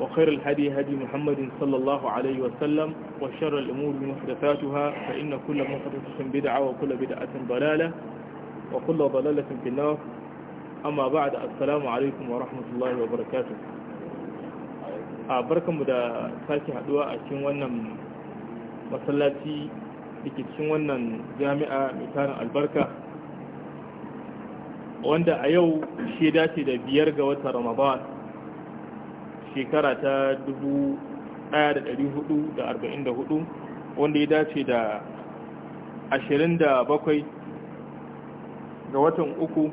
وخير الهدي هدي محمد صلى الله عليه وسلم وشر الأمور محدثاتها فإن كل محدثة بدعة وكل بدعة ضلالة وكل ضلالة في النار أما بعد السلام عليكم ورحمة الله وبركاته barkanmu da sake haduwa a cikin wannan masallaci da ke cikin wannan jami'a mai tarin albarka wanda a yau shi dace da biyar ga watan ramadan shekara ta 1444 wanda ya dace da 27 ga watan uku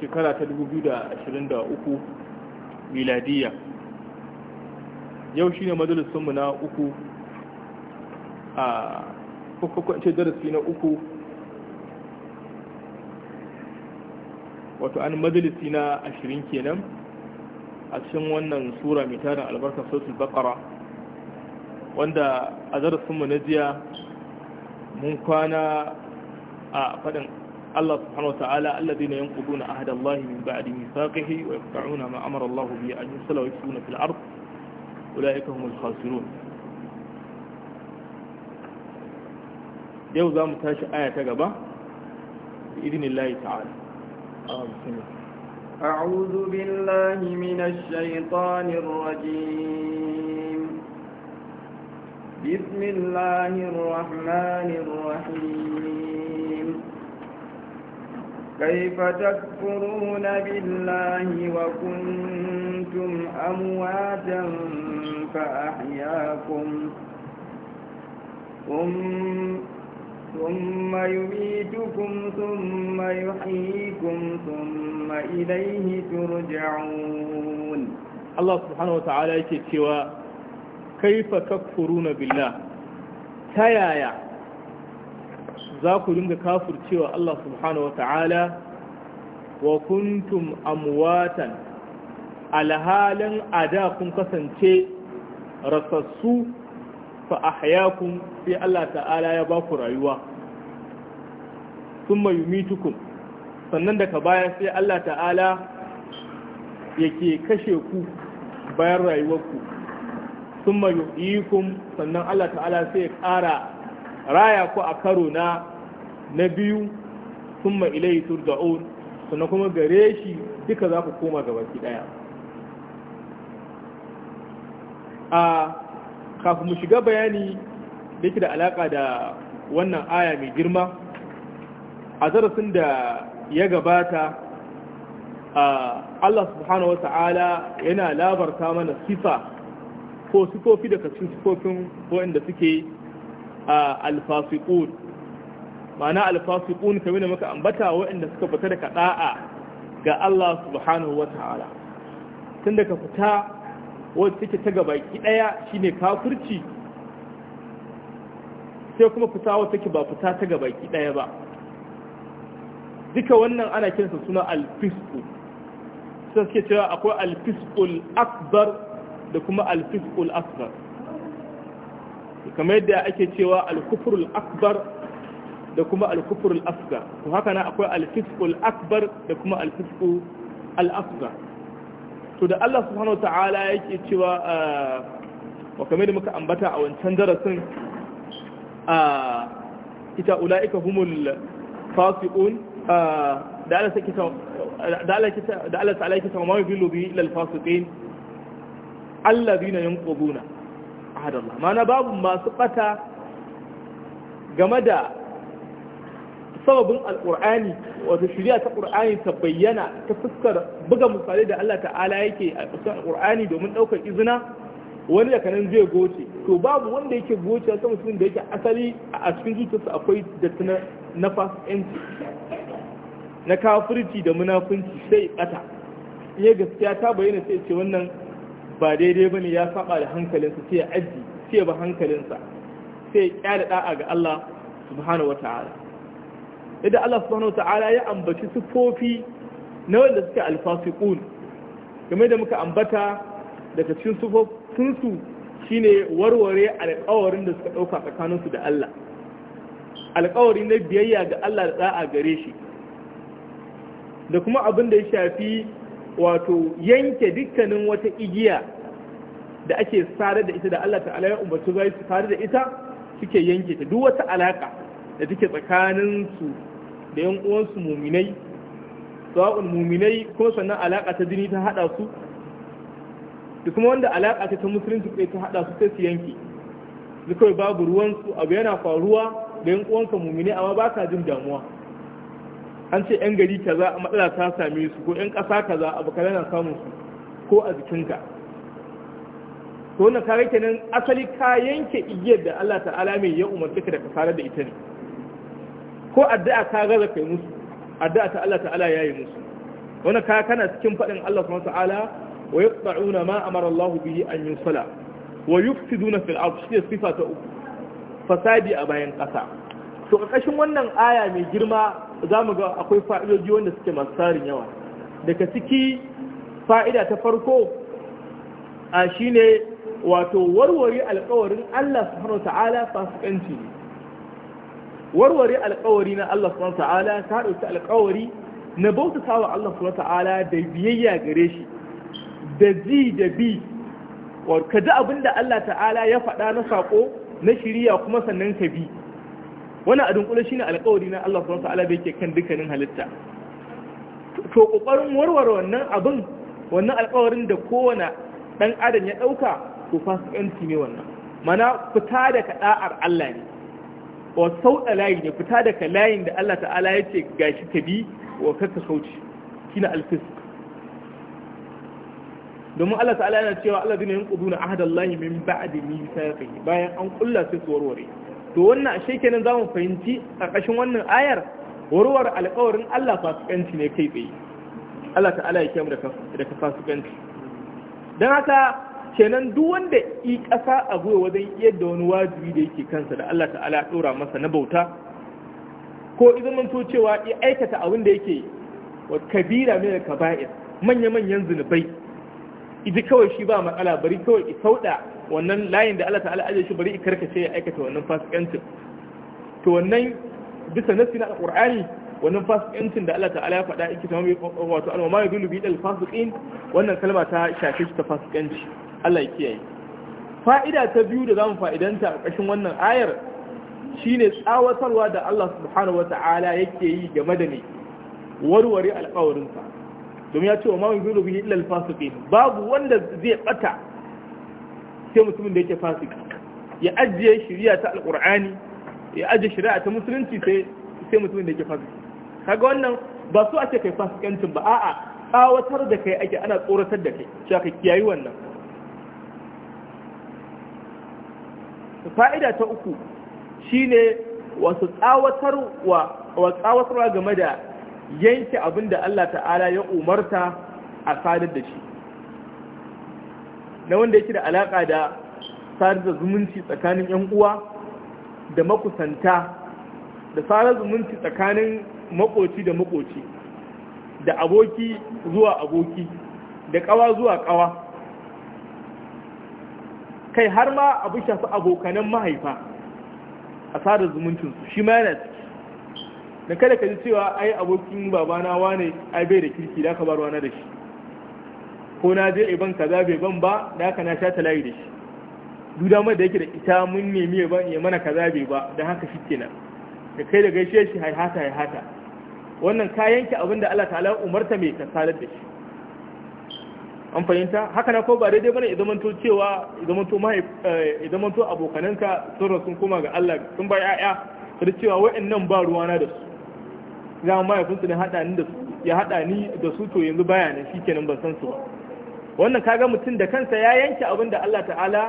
shekara ta 2023 miladiya yau shine majalisunmu na uku a kwakwakwance darasi na uku wato an majalisi na ashirin kenan a cikin wannan sura mai tarin albarka sautul bakara wanda a darasinmu na jiya mun kwana a faɗin Allah subhanahu wa ta'ala alladhi na yanquduna ahda Allah min ba'di mithaqihi wa yaqta'una ma amara Allah bihi an yusala wa yafsuna fil ard ulaika humul khasirun yau za mu tashi aya ta gaba bi idnillahi ta'ala amin أعوذ بالله من الشيطان الرجيم بسم الله الرحمن الرحيم كيف تكفرون بالله وكنتم أمواتا ثم ثم يميتكم ثم يحييكم ثم إليه ترجعون الله سبحانه وتعالى يكتوى كيف تكفرون بالله تيايا ذاكو لنك كافر تيوى الله سبحانه وتعالى وكنتم أمواتا على هالا أداكم كسنتي رصصوا fa ahyaakum sai Allah ta'ala ya ba ku rayuwa thumma yumitukum sannan daga baya sai Allah ta'ala yake kashe ku bayan rayuwarku thumma yuhyikum sannan Allah ta'ala sai ya ƙara raya ku a karo na na biyu thumma ilayhi turja'un sannan kuma gare shi duka za ku koma gabaki daya kafin mu shiga bayani da yake da alaka da wannan aya mai girma a darasin da ya gabata Allah subhanahu wata'ala yana labarta mana sifa ko sifofi daga cikin sifofin waɗanda suke alfasikun ma'ana alfasikun kamar da maka ambata waɗanda suka fita da kaɗa'a ga Allah subhanahu wata'ala tun daga fita wadda take ta gaba ki daya shine kafirci sai kuma fita wata take ba fita ta gaba ki daya ba duka wannan ana kinsa suna al-fisqu sai suke cewa akwai al-fisqul akbar da kuma al-fisqul asghar kamar yadda ake cewa al-kufrul akbar da kuma al-kufrul asghar to haka na akwai al-fisqul akbar da kuma al-fisqul al-asghar to da Allah subhanahu ta'ala yake cewa uh, wa kamar da muka ambata a wancan darasin a uh, ita ula'ika humul fasiqun uh, da Allah sake da Allah ta'ala yake cewa ma yubillu bi ila al-fasiqin alladhina yanquduna ahadallah mana babu masu bata game da sababin alkur'ani wata shirya ta ƙur'ani ta bayyana ta fuskar buga misali da Allah ta'ala yake a fuskar alkur'ani domin ɗaukar izina wani da kanan zai goce to babu wanda yake goce ta musulun da yake asali a cikin zuciyarsa akwai da ta na fasikanci na kafirci da munafunci sai in iya gaskiya ta bayyana sai ce wannan ba daidai ba ne ya saba da hankalinsa sai ya aji sai ba hankalinsa sai ya kyara ɗa'a ga Allah subhanahu wataala idan Allah subhanahu ta'ala ya ambaci sufofi na wanda suke alfasiqun game da muka ambata daga cikin sifofin su shine warware alƙawarin da suka dauka tsakanin su da Allah alƙawari na biyayya ga Allah da da'a gare shi da kuma abin da ya shafi wato yanke dukkanin wata igiya da ake sadar da ita da Allah ta'ala ya umarci zai su sadar da ita suke yanke ta duk wata alaka da take tsakanin su da yan uwansu muminai sawa'un muminai ko sannan alaƙa ta jini ta haɗa su da kuma wanda alaƙa ta ta musulunci kai ta haɗa su sai su yanke da kawai babu ruwansu abu yana faruwa da yan uwanka muminai amma ba ka jin damuwa an ce yan gari kaza a matsala ta same su ko yan ƙasa kaza abu kaza na samun su ko a jikinka to wannan kare kenan asali ka yanke igiyar da Allah ta'ala mai ya umarce ka da kasarar da ita ne ko addu'a ta gaza kai musu addu'a ta Allah ta'ala yayi musu wannan ka kana cikin fadin Allah subhanahu ta'ala wa yaqta'una ma amara Allah bihi an yusala wa yufsiduna fil ardh shi sifa ta uku fasadi a bayan kasa to ƙarƙashin wannan aya mai girma zamu ga akwai fa'idoji wanda suke masu tsarin yawa daga ciki fa'ida ta farko a shine wato warware alƙawarin Allah subhanahu ta'ala fasikanci ne warware alkawari na Allah subhanahu ta'ala ta dauki alkawari na bautata wa Allah subhanahu ta'ala da biyayya gare shi da ji da bi wa ka ji abinda Allah ta'ala ya faɗa na sako na shiriya kuma sannan ka bi wani a dunkule shine alkawari na Allah subhanahu ta'ala da yake kan dukkanin halitta to kokarin warware wannan abin wannan alkawarin da kowane dan adam ya dauka to fasikanci ne wannan mana fita daga kada'ar Allah ne wa sauɗa layi ne fita daga layin da Allah ta'ala ya ce ga shi ka bi wa kakka shi kina alfisk domin Allah ta'ala yana cewa Allah zina yin ƙudu ƙuduna ahadallahi min ba'di misaqi bayan an kulla sai su warware to wannan a ashe za mu fahimci ƙarƙashin wannan ayar warware alƙawarin Allah fasikanci ne kai tsaye Allah ta'ala ya kyamu da fasikanci dan haka kenan duk wanda i ƙasa a gwiwa wajen yadda wani wajibi da yake kansa da Allah ta'ala ɗora masa na bauta ko manto cewa ya aikata abin da yake wa kabira mai da kaba'ir manya-manyan zunubai idi kawai shi ba matsala bari kawai i sauɗa wannan layin da Allah ta'ala ajiye shi bari i karkace ya aikata wannan fasikancin to wannan bisa nasi na alƙur'ani wannan fasikancin da Allah ta'ala ya faɗa yake tamam wato alwama yadullu bi dal fasiqin wannan kalma ta shafe shi ta fasikanci Allah ya kiyaye fa'ida ta biyu da zamu fa'idanta a ƙarshen wannan ayar shine tsawatarwa da Allah subhanahu wata'ala yake yi game da ne warware alƙawarinsa domin ya ce wa mawin zuru bihi illa alfasiqin babu wanda zai bata sai mutumin da yake fasiki ya ajiye shari'a ta alqur'ani ya ajiye shari'a ta musulunci sai sai mutumin da yake fasiki kaga wannan ba su a ce kai fasikancin ba a'a tsawatar da kai ake ana tsoratar da kai shi aka kiyayi wannan fa'ida ta uku shine wasu tsawatarwa game da yanke abin da Allah ta'ala ya umarta a sadar da shi na wanda yake da alaƙa da sadar da zumunci tsakanin 'yan uwa da makusanta da sadar zumunci tsakanin makoci da makoci da aboki zuwa aboki da ƙawa zuwa ƙawa kai har ma abu shafi abokanan mahaifa a sada zumuncinsu shi ma yana ciki da kada ka ji cewa ai abokin babana wane ai bai da kirki da ka bar wani da shi ko na je iban za bai ban ba da haka na sha layi da shi duk damar da yake da ita mun nemi ya mana kaza bai ba da haka shi kenan da kai da gaishe shi haihata haihata wannan kayan ki abin da Allah ta'ala umarta mai ka salar da shi an fahimta haka na ko ba daidai bane idan manto cewa idan mai idan abokananka sun rasu kuma ga Allah sun bai ayya sai cewa wayannan ba na da su za mu mai funsu ne hada ni da su ya hada ni da su to yanzu baya ne shikenan ban san su ba wannan kaga mutum da kansa ya yanke abin da Allah ta'ala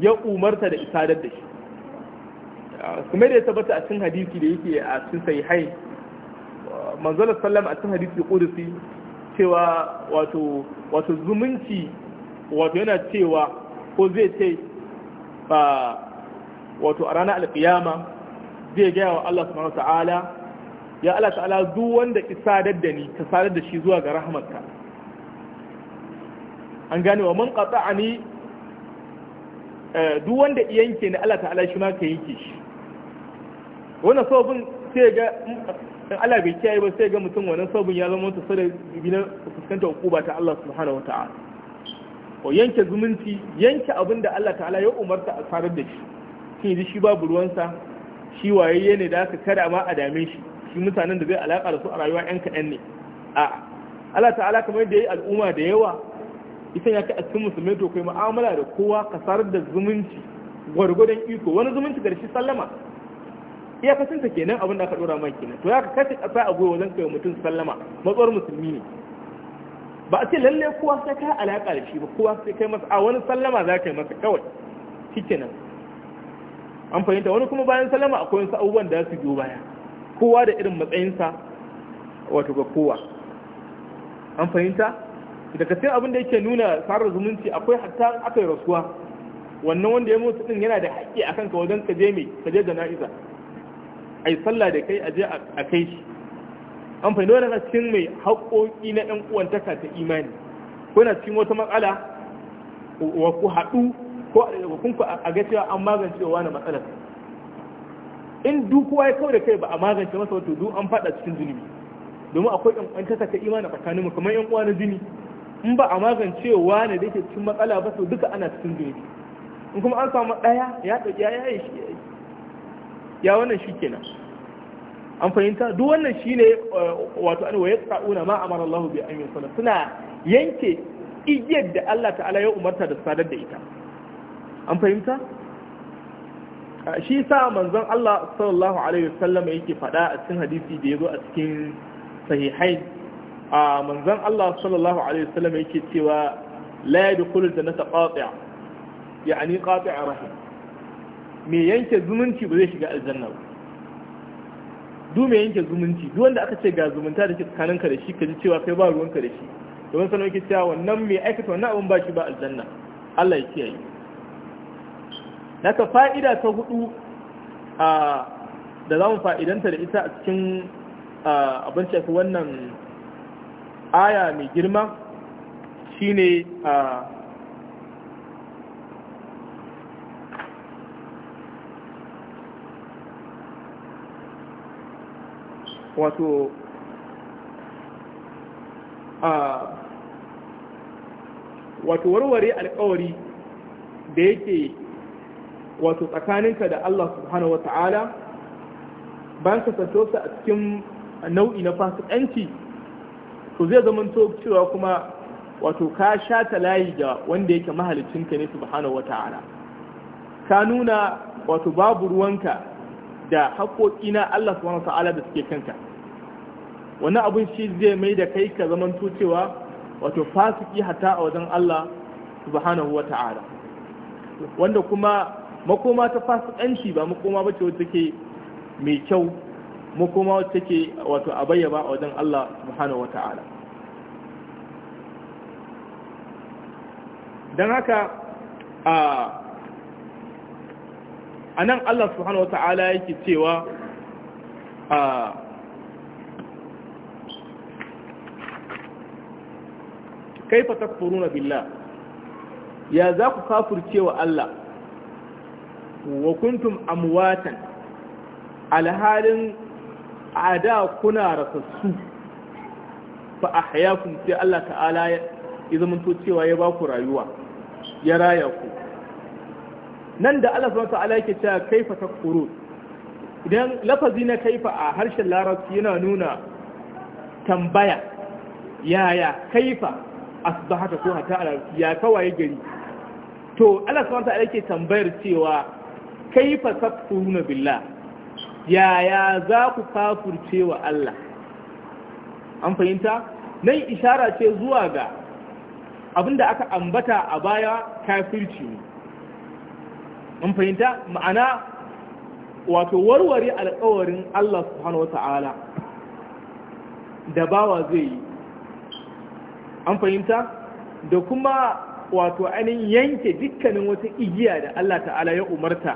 ya umarta da isadar da shi kuma da ya tabbata a cikin hadisi da yake a cikin sahihai manzo sallallahu alaihi wasallam a cikin hadisi qudsi cewa wato wato zumunci wato yana cewa ko zai ce ba wato a ranar alkiyama zai gaya wa Allah subhanahu ta'ala ya Allah ta'ala duk wanda ki sadar da ni ka sadar da shi zuwa ga rahmarka an gane wa man qata'ani eh, duk wanda yanke ni Allah ta'ala shi ma ka yanke shi wannan sabon sai ga dan Allah bai kiyaye ba sai ga mutum wannan sabon ya zama wata sada na fuskantar hukuma ta Allah subhanahu wa ta'ala ko yanke zumunci yanke abin da Allah ta'ala ya umarta a tsarar da shi shi ji shi babu ruwansa shi wayayye ne da aka kada ma a dame shi shi mutanen da zai alaka da su a rayuwa yan kaɗan ne a Allah ta'ala kamar da ya yi al'umma da yawa isan ya kai a cikin musulmai to kai mu'amala da kowa ka sarar da zumunci gwargwadon iko wani zumunci da shi sallama iyakacin ta kenan abin da aka dora mai kenan to ya ka kace kasa a goyo wajen kai mutum sallama matsawar musulmi ne ba a ce lalle kowa sai ka alaka da shi ba kowa sai kai masa a wani sallama za ka yi masa kawai nan. an fahimta wani kuma bayan sallama akwai wasu abubuwan da su biyo baya kowa da irin matsayinsa wato ga kowa an fahimta daga cikin abin da yake nuna tsarar zumunci akwai hatta aka yi rasuwa wannan wanda ya mutu din yana da haƙƙi akan ka wajen ka je mai ka je jana'iza a yi sallah da kai a a kai shi an fahimta wani na cikin mai haƙoƙi na ɗan uwantaka ta imani ko na cikin wata matsala wa ku haɗu ko kun ku a ga cewa an magance wa wani matsalar in duk kowa ya kawo da kai ba a magance masa wato duk an faɗa cikin zunubi domin akwai ɗan uwantaka ta imani tsakanin mu kamar 'yan uwa na jini in ba a magance wa ne da yake cikin matsala ba to duka ana cikin zunubi in kuma an samu ɗaya ya ɗauki ya yi ya wannan shi kenan an fahimta duk wannan shine eh, wato an waye tsa'una ma amara Allah bi an yusala suna yanke igiyar da Allah ta'ala ya umarta da sadar da ita an fahimta shi sa manzon Allah sallallahu alaihi wasallam yake faɗa a cikin hadisi da yazo a cikin sahihain a manzon Allah sallallahu alaihi wasallam yake cewa la yadkhul jannata qati'a yani qati'a rahim me yanke zumunci ba zai shiga aljanna ba dume mai yanke zumunci duk wanda aka ce ga zumunta da tsakanin tsakaninka da shi ka ji cewa kai ba ruwanka da shi domin sanar yake cewa wannan mai aikata wannan abin ba shi ba aljanna Allah ya kiyaye naka fa'ida ta hudu a da zamu fa'idanta da ita a cikin abin shafi wannan aya mai girma shine a wato a wato warware alkawari da yake wato tsakaninka da Allah subhanahu wata'ala bayan su a cikin nau'i na fasikanci to zai zamanto cewa kuma wato ka shata layi ga wanda yake mahalicinka ne subhanahu wata'ala ka nuna wato babu ruwanka da haƙoƙi na Allah subhanahu wata'ala da suke kanka wani abin shi zai mai da kai ka zaman cewa wato fasiki hatta a wajen Allah subhanahu wa ta'ala wanda kuma makoma ta fasikanci ba makoma ce wata ke mai kyau makoma wacce ke wato a bayyaba a wajen Allah subhanahu wa ta'ala don haka a nan Allah subhanahu wa ta'ala yake cewa a kaifa takfuruna billah ya za ku kafircewa Allah wa kuntum amwatan alhalin ada kuna rasassu fa ahyakum sai Allah ta'ala ya zamanto cewa ya ba ku rayuwa ya raya ku nan da Allah subhanahu wa ta'ala yake cewa kaifa takfurun idan lafazi na kaifa a harshen larabci yana nuna tambaya yaya kaifa asbahata ko hatta ala ya kawai gari to Allah subhanahu ta'ala yake tambayar cewa kaifa tafkuruna billah yaya za ku kafurce wa Allah an fahimta nan ishara ce zuwa ga abinda aka ambata a baya kafirci ne an fahimta ma'ana wato warware alƙawarin Allah subhanahu wata'ala da bawa zai yi an fahimta da kuma wato ainihin yanke dukkanin wata igiya da Allah ta'ala ya umarta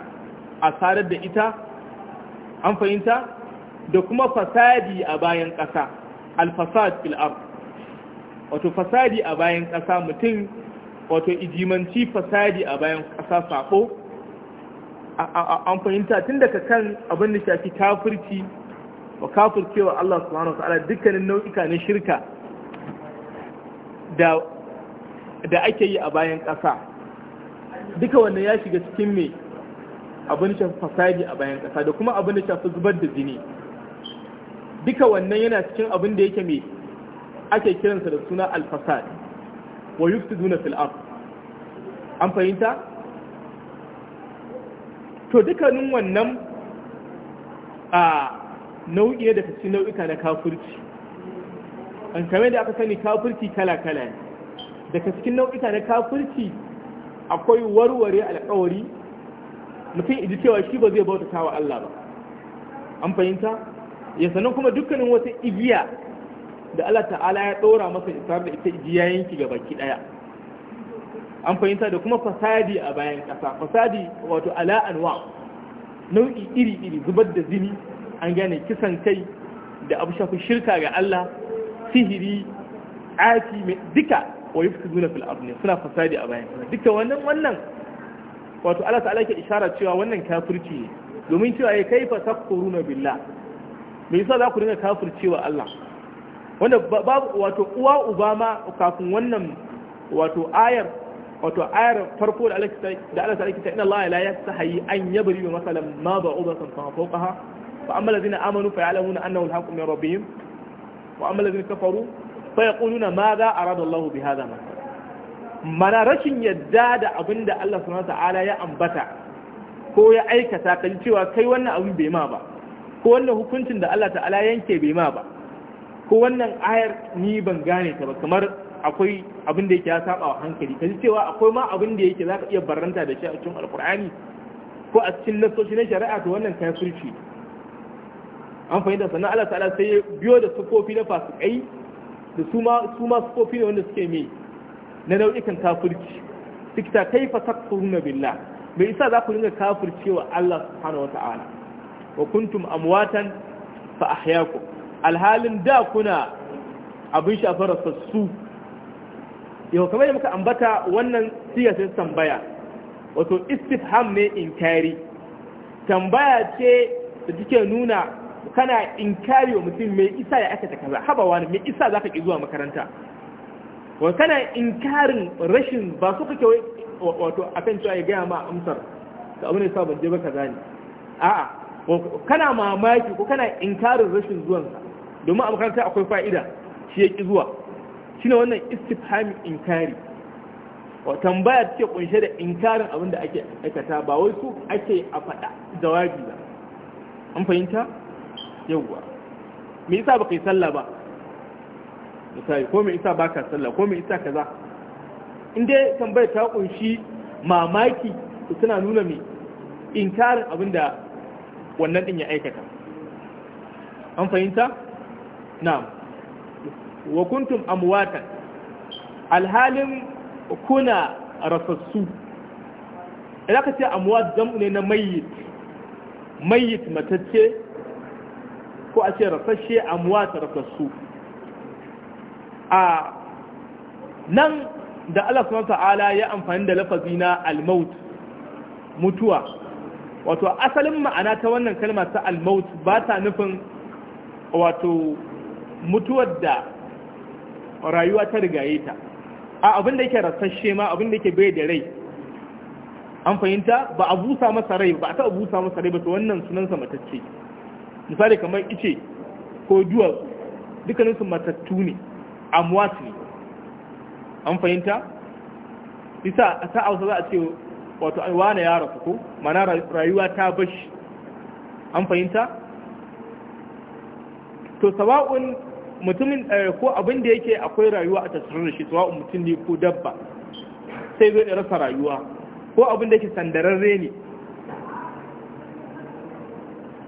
a sarar da ita an fahimta da kuma fasadi a bayan ƙasa alfasad fil'ar wato fasadi a bayan ƙasa mutum wato ijimanci fasadi a bayan ƙasa sako an fahimta tun daga kan abin da shafi kafirci wa kafircewa Allah hana wasu ala dukkanin nau'ika na shirka da ake yi a bayan ƙasa duka wannan ya shiga cikin mai abin shafi fasadi a bayan ƙasa da kuma abin da shafi zubar da jini duka wannan yana cikin abin da yake mai ake kiransa da suna alfasad wa yuftiduna fil ard an fahimta to dukkanin wannan a nau'i da cikin nau'ika na kafirci an kame da aka sani kafirci kala-kala ne daga cikin nau'ita na kafirci akwai warware alƙawari. mutum iji cewa shi ba zai bauta wa Allah ba an fahimta ya sannan kuma dukkanin wata igiya da Allah ta'ala ya ɗora masa isar da ita igiya yanki ga baki ɗaya an fahimta da kuma fasadi a bayan ƙasa fasadi wato anwa nau'i iri-iri zubar da zini an gane kisan kai da abu shafi shirka ga Allah sihiri afi mai duka wa yufsiduna fil ne, suna fasadi a bayan duka wannan wannan wato Allah ta'ala ke isharar cewa wannan kafirci ne domin cewa ya eh, kai kaifa na billah me yasa za ku dinga wa Allah wanda babu wato uwa uba ma kafin wannan wato ayar wato ayar farko da Allah da Allah ta'ala ke inna Allah la yastahi an yabri masalan ma ba'udatan fa fawqaha fa amma alladhina amanu fa ya'lamuna annahu al-haqqu min rabbihim wa amma lazina kafaru fa yaquluna ma za arada bi mana rashin yadda da abinda Allah subhanahu ta'ala ya ambata ko ya aikata kan cewa kai wannan abin bai ma ba ko wannan hukuncin da Allah ta'ala yanke bai ma ba ko wannan ayar ni ban gane ta ba kamar akwai abin da yake ya saba wa hankali kaji cewa akwai ma abin da yake zaka iya barranta da shi a cikin alkur'ani ko a cikin nasoshi na shari'a to wannan kafirci an fahimta sannan Allah ta'ala sai biyo da sufofi na fasikai da su ma su ma sufofi ne wanda suke mai na nau'ikan kafirci suke ta fa takfuruna billah me yasa za ku dinga kafircewa Allah subhanahu wata'ala wa kuntum amwatan fa ahyaakum alhalin da kuna abin shafar rasassu yau kamar da muka ambata wannan siyasar tambaya wato istifham ne inkari tambaya ce da take nuna kana inkari wa mutum mai isa ya aikata kaza haba wani mai isa za ka ki zuwa makaranta wa kana inkarin rashin ba su kake wato akan cewa ya gaya ma amsar ka abu ne sa ban je ba kaza ne a'a kana mamaki ko kana inkarin rashin zuwansa domin a makaranta akwai fa'ida shi ya ki zuwa shine wannan istifhamin inkari wa tambaya take kunshe da inkarin abin da ake aikata ba wai su ake a faɗa jawabi ba an fahimta yawwa me yasa baka yi sallah ba misali ko me yasa baka sallah ko me yasa kaza in dai tambayar ta kunshi mamaki to tana nuna me inkarin abinda wannan din ya aikata an fahimta na'am wa kuntum amwatan alhalin kuna rasassu idan ka ce amwat jam'u ne na mayyit mayyit matacce ko a ce rasashe ta rasassu a nan da Allah subhanahu ta'ala ya amfani da lafazi na almaut mutuwa wato asalin ma'ana ta wannan kalmar ta almaut ba ta nufin wato mutuwar da rayuwa ta rigaye ta a abin da yake rasashe ma abin da yake bai da rai an fahimta ba a busa masa rai ba a ta busa masa rai ba to wannan sunansa matacce misali kamar ice ko dukkanin dukkaninsu matattu ne amwat ne an fahimta isa a sa'ausa za a ce wato wane ya rasu ko mana rayuwa ta bashi an fahimta to sawa'un mutumin eh, ko abin da yake akwai rayuwa a tattare da shi sawa'un mutum ne ko dabba sai zai rasa rayuwa ko abin da yake sandararre ne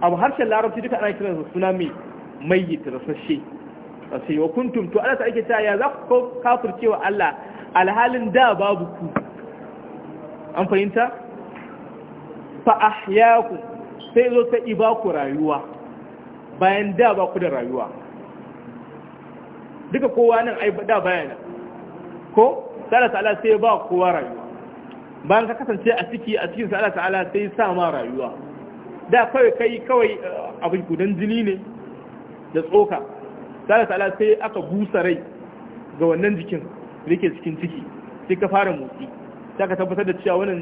abu harshen larabci duka ana kiransa suna mai mayyit rasashe sai wa kuntum to Allah ta ake ta ya za ku kafur cewa Allah alhalin da babu ku an fahimta fa ahyaku sai zo ta iba ku rayuwa bayan da ba ku da rayuwa duka kowa nan ai da bayan ko Allah ta'ala sai ba kowa rayuwa bayan ka kasance a ciki a cikin Allah ta'ala sai sa ma rayuwa da kawai kai kawai eh, abin gudan jini ne da tsoka sai ta'ala sai aka busa rai ga wannan jikin da cikin ciki sai ka fara motsi sai ka tabbatar da cewa wannan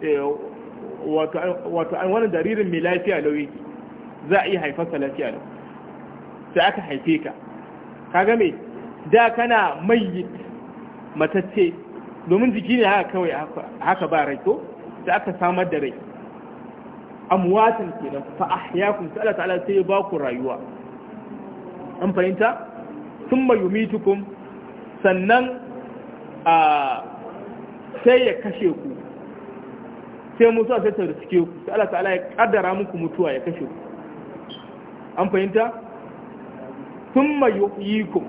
eh, wato an wannan jaririn mai lafiya lauye za a iya haifarsa lafiya lau sai aka haife ka ka me da kana mayyit matacce domin jiki ne haka kawai haka ba rai to sai aka samar da rai amwatin kenan fa ahyakum sai Allah ta'ala sai ya ba ku rayuwa an fahimta thumma yumitukum sannan a sai ya kashe ku sai mutuwa sai ta riske ku sai Allah ta'ala ya kaddara muku mutuwa ya kashe ku an fahimta thumma yuhyikum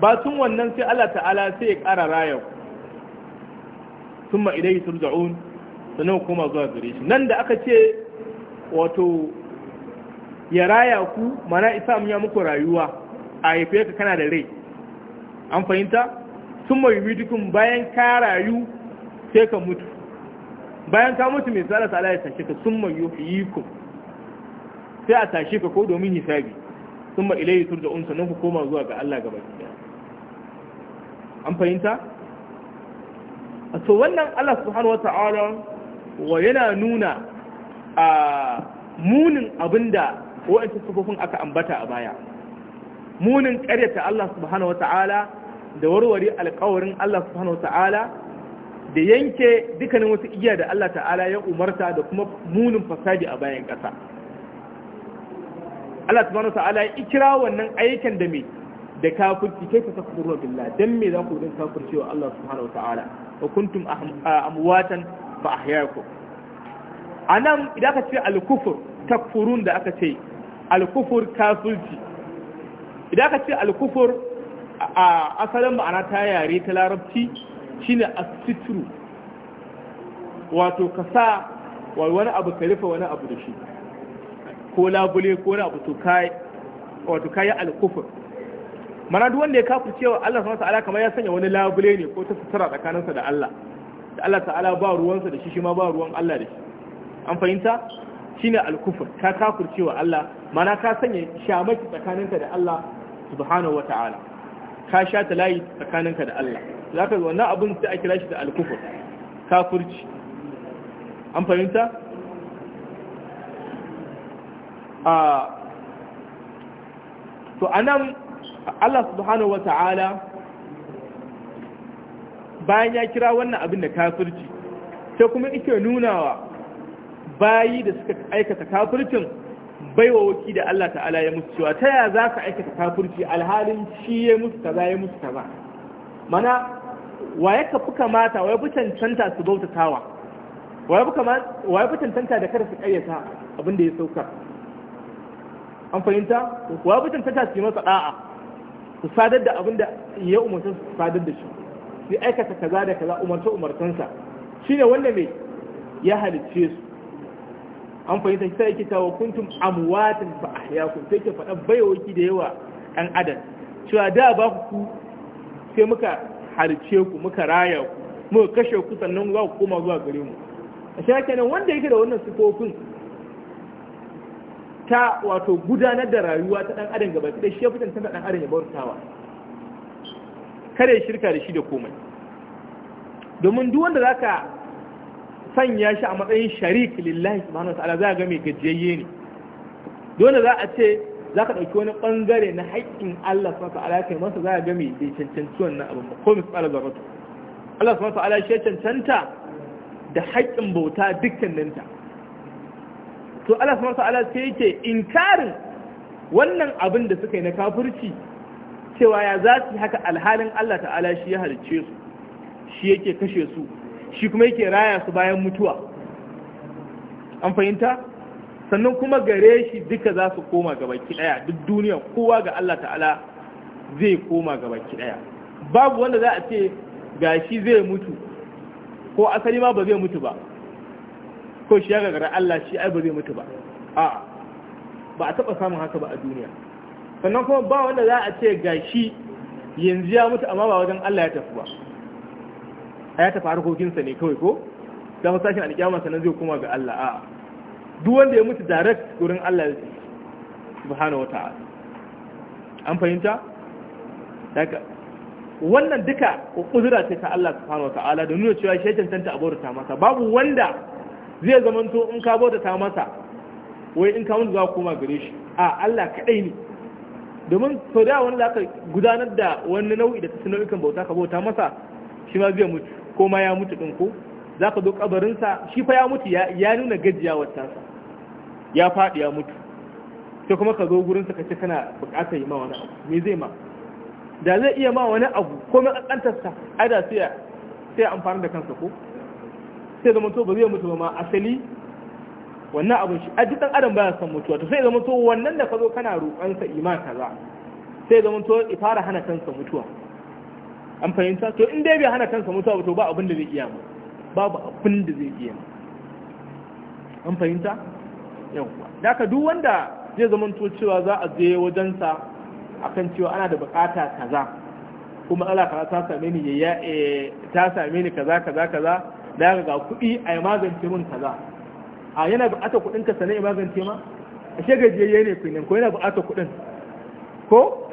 ba tun wannan sai Allah ta'ala sai ya ƙara rayau thumma ilayhi turja'un sannan koma zuwa gare shi nan da aka ce wato ya raya ku mana isa mun ya muku rayuwa a haife ka kana da rai an fahimta sun mai bidikun bayan ka rayu sai ka mutu bayan ka mutu mai tsara tsala ya tashi ka sun mai yi ku sai a tashi ka ko domin hisabi sun mai ilayi turda da unsa nan ku koma zuwa ga Allah gaba ɗaya an fahimta a to wannan Allah subhanahu wa ta'ala wa yana nuna a munin abinda wa'ancin sufofin aka ambata a baya munin ƙaryata Allah subhanahu ta'ala da warware alƙawarin Allah subhanahu ta'ala da yanke dukkanin wasu igiya da Allah ta'ala ya umarta da kuma munin fasadi a bayan ƙasa Allah subhanahu ta'ala ya ikira wannan aikin da me da kafirci kai ka kafirwa billah dan me za ku rin kafircewa Allah subhanahu ta'ala wa kuntum amwatan fa ahyakum anan idan aka ce al-kufr takfurun da aka ce al-kufr kafirci idan aka ce al-kufr a asalin ma'ana ta yare ta larabci shine as-sitru wato kasa sa wani abu ka rufe wani abu da shi ko labule ko wani abu to kai wato kai al-kufr mana duk wanda ya kafirce wa Allah subhanahu wa ta'ala kamar ya sanya wani labule ne ko ta sutura tsakaninsa da Allah da Allah ta'ala ba ruwansa da shi shi ma ba ruwan Allah da shi an fahimta shine al-kufr ka wa Allah mana ka sanya shamaki tsakaninka da Allah subhanahu wata'ala ka sha ta layi tsakaninka da Allah zaka ga wannan abin sai a kira shi da al-kufr kafirci an fahimta a to anan Allah subhanahu wata'ala bayan ya kira wannan abin da kafirci sai kuma ike nunawa bayi da suka aikata kafircin baiwa waki da Allah ta'ala ya musu cewa ta ya za ka aikata kafirci alhalin shi ya musu kaza ya musu kaza mana waye ka fuka mata waye fi cancanta su bauta bautatawa waye fi cancanta da kada su kayyata abin da ya sauka an fahimta waye fi cancanta su yi masa da'a su sadar da abin da ya umarci su sadar da shi su aikata kaza da kaza umarce umartansa shine wanda mai ya halicce su an fahimta shi sai kita wa kuntum amwatin fa ahyakum sai ke fada baiwoki da yawa ɗan adam cewa da ba ku sai muka halicce ku muka raya ku muka kashe ku sannan za ku koma zuwa gare mu a shakke nan wanda yake da wannan sifofin ta wato gudanar da rayuwa ta ɗan adam gaba ɗaya shi ya fitan ta ɗan adam ya bautawa kada ya shirka da shi da komai domin duk wanda zaka sanya shi a matsayin sharik lillahi subhanahu wataala za ga mai gajiyayye ne dole za a ce za ka ɗauki wani ɓangare na haƙƙin Allah subhanahu ta'ala kai masa za ga mai bai cancanci wannan abin ba ko misal zaratu Allah subhanahu ta'ala shi ya cancanta da haƙƙin bauta dukkaninta to Allah subhanahu ta'ala sai yake inkarin wannan abin da suka yi na kafirci cewa ya za su haka alhalin Allah ta'ala shi ya halicce su shi yake kashe su shi kuma yake raya su bayan mutuwa an fahimta sannan kuma gare shi duka za su koma ga baki daya duk duniya kowa ga Allah ta'ala zai koma ga baki daya babu wanda za a ce gashi zai mutu ko asali ma ba zai mutu ba ko shi ya gagara Allah shi ai ba zai mutu ba a ba a taba samun haka ba a duniya sannan kuma ba wanda za a ce gashi yanzu ya mutu amma ba wajen Allah ya tafi ba a ya tafi harkokinsa ne kawai ko da masashin alƙiyama sannan zai koma ga Allah a duk wanda ya mutu direct gurin Allah subhanahu wata'ala an fahimta daga wannan duka uzura ce ta Allah subhanahu wata'ala da nuna cewa shaitan tanta a bauta masa babu wanda zai zamanto in ka bauta masa wai in ka mutu za ku koma gare shi a Allah kadai ne domin sau da wani za gudanar da wani nau'i da tafi nau'ikan bauta ka bauta masa shi ma zai mutu ko ma ya mutu ɗin ko za ka zo kabarinsa shi fa ya mutu ya nuna gajiya wata ya faɗi ya mutu sai kuma ka zo gurinsa ka ce kana buƙatar yi ma wani abu me zai ma da zai iya ma wani abu ko mai ƙanƙantarsa ai da sai ya amfani da kansa ko sai zama to ba zai mutu ba ma asali wannan abin shi a jidan adam baya son mutuwa to sai zama to wannan da ka zo kana roƙonsa ima kaza sai zama to ya fara hana kansa mutuwa an fahimta to in dai bai hana kansa mutuwa ba to ba abin da zai iya mu babu abin da zai iya mu an fahimta Da ka duk wanda zai zama to cewa za a je wajensa akan cewa ana da bukata kaza kuma Allah kaza ta same ni ya eh, ta same ni kaza kaza kaza da ga kuɗi a magance mun kaza a yana bukatar kuɗin ka sanai magance ma ashe gajiyayye ne ku ko yana bukatar kuɗin ko